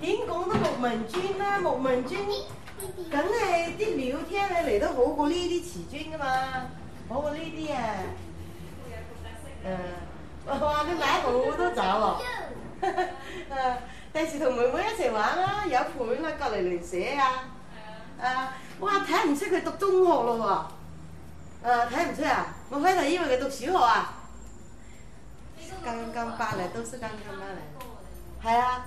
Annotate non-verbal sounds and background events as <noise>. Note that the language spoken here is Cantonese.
.點講都木紋磚啦，木紋磚梗係啲料聽起嚟都好過呢啲瓷磚噶嘛，好過呢啲啊。嗯、啊，哇！你買好多酒喎。啊，第、 <laughs> 啊、時同妹妹一齊玩啦、啊，有佢啦，隔離嚟寫啊。啊！哇，睇唔出佢讀中學咯喎、啊。啊，睇唔出啊？我開頭以為佢讀小學啊。剛剛八嚟，都係剛剛八嚟。係啊。